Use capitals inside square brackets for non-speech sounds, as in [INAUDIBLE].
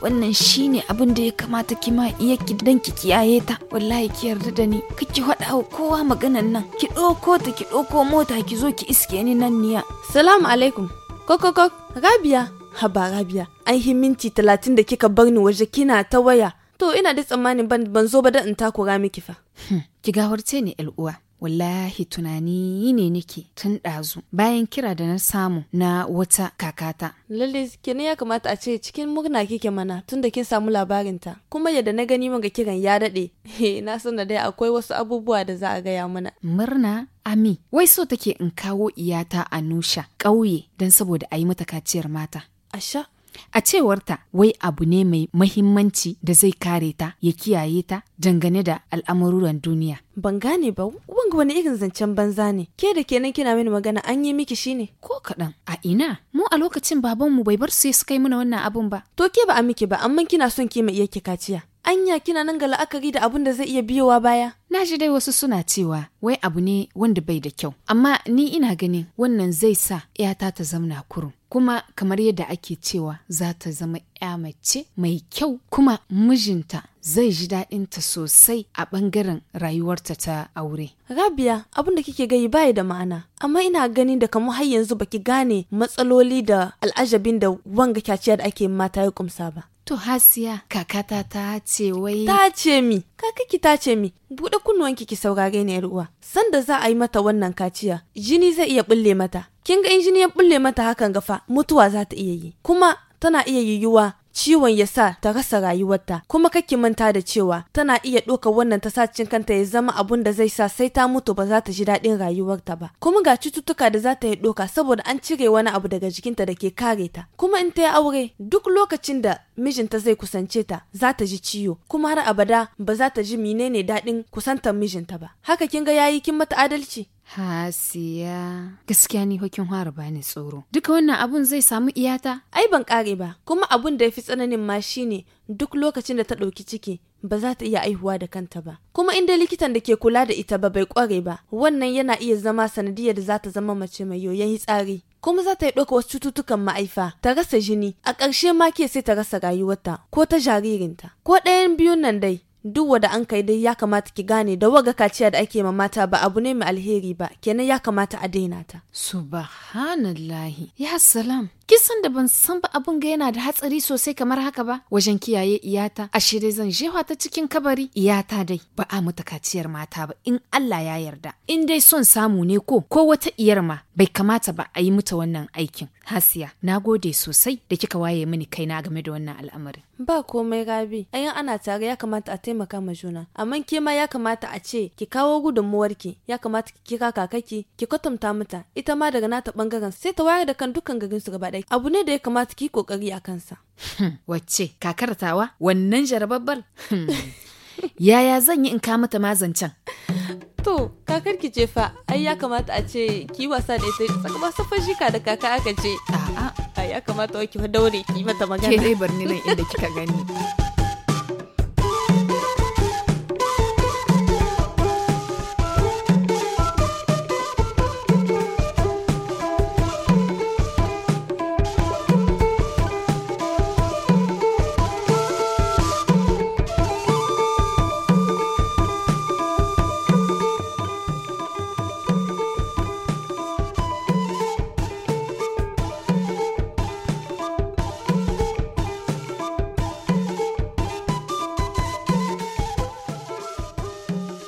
wannan shine abin da ya kamata ki ma iya ki dan ki kiyaye ta wallahi ki yarda da ni kike faɗa kowa maganan nan ki ɗauko ta ki ɗauko mota ki zo ki iske ni nan niya salamu alaikum kokoko rabiya haba rabiya an yi minti talatin da kika bar ni waje kina ta waya to ina da tsammanin ban zo ba da in takura miki fa hmm. ki gawarce ne uwa wallahi tunani ne nake tun ɗazu bayan kira da na samu na wata kakata. Lalle kenan ya kamata a ce cikin murna kike mana tun da kin samu labarinta kuma yadda na gani ga kiran ya daɗe [LAUGHS] na san da dai akwai wasu abubuwa da za a gaya mana. Murna Ami, wai so take in kawo iyata a Nusha ƙauye don saboda a yi mata kaciyar mata. Asha, A cewarta wai abu ne mai mahimmanci da zai kare ta ya kiyaye ta dangane da al'amuran duniya. Ban gane ba, wanga wani irin zancen banza ne, ke da kenan kina mini magana an yi miki ne. Ko kaɗan, a ina, mu a lokacin babanmu bai bar su ya suka yi mana wannan abun ba. To ke ba a miki ba, amma kina son ki mai iya kaciya. anya kina nan ga la'akari da abun da zai iya biyowa baya na ji dai wasu suna cewa wai abu ne wanda bai da kyau amma ni ina ganin wannan zai sa 'yata ta zamna kurum kuma kamar yadda ake cewa za ta zama 'ya mace mai kyau kuma mijinta zai ji daɗinta sosai a ɓangaren rayuwarta ta aure. Rabia abin da kike gayi baya da ma'ana, amma ina ganin da kamar har yanzu baki gane matsaloli da al'ajabin da wanga kyaciya da ake mata ya kumsa ba. To Hasiya, kakata ta ce wai. Ta ce mi, kiki ta ce mi, buɗe kunnuwanki ki saurare ni uwa. Sanda za a yi mata wannan kaciya, jini zai iya bulle mata. Kin ga in jini bulle mata hakan gafa, mutuwa za ta iya yi. Kuma tana iya yiwuwa ciwon ya sa ta rasa rayuwarta kuma kake manta da cewa tana iya ɗauka wannan ta tasacin kanta ya zama abun da zai sa sai ta mutu ba za ta ji daɗin rayuwarta ba kuma ga cututtuka da za ta yi ɗauka saboda an cire wani abu daga jikinta da ke kare ta kuma in ta yi aure duk lokacin da mijinta zai kusance ta za ta ji ciwo kuma har abada ba za ta ji menene daɗin kusantar mijinta ba haka kin ga yayi kin mata adalci Hasiya. Gaskiya ni hokin hara ne tsoro. Duka wannan abun zai samu iyata? Ai ban kare ba, kuma abun da ya fi tsananin ma shine duk lokacin da ta ɗauki ciki ba za ta iya aihuwa da kanta ba. Kuma inda likitan da ke kula da ita ba bai kware ba, wannan yana iya zama sanadiyar da za ta zama mace mai yoyon hitsari. Kuma za ta yi ɗauka wasu cututtukan ma'aifa, ta rasa jini, a ƙarshe ma ke sai ta rasa rayuwarta ko ta jaririnta. Ko ɗayan biyun nan dai, duk wanda an kai dai ya kamata ki gane da waga kaciya da ake ma mata ba abu ne mai alheri ba kenan ya kamata a daina ta subhanallahi ya salam kisan da ban san ba abun ga yana da hatsari sosai kamar haka ba wajen kiyaye iyata a shirye zan jefa ta cikin kabari iyata dai ba a mata kaciyar mata ba in Allah ya yarda in dai son samu ne ko ko wata iyar ma bai kamata ba a yi mata wannan aikin hasiya na gode sosai da kika waye mini kai na game da wannan al'amarin ba komai gabi ayan ana tare ya kamata a taimaka ma juna amma ke ma ya kamata a ce ki kawo ki. ya kamata ki kira kakaki ki kwatanta mata ita ma daga nata bangaren sai ta wayar da kan dukkan garin su gaba kadai abu ne da ya kamata ki kokari a kansa hmm, wacce kakar tawa wannan jarababbal hmm. [LAUGHS] yaya zan yi in ka mata mazancan to kakar ki ce fa ai ya kamata a ce ki wasa da ita tsaka safar shika da kaka aka ce a'a ya kamata ki daure ki mata magana ke dai barni nan inda kika gani [LAUGHS]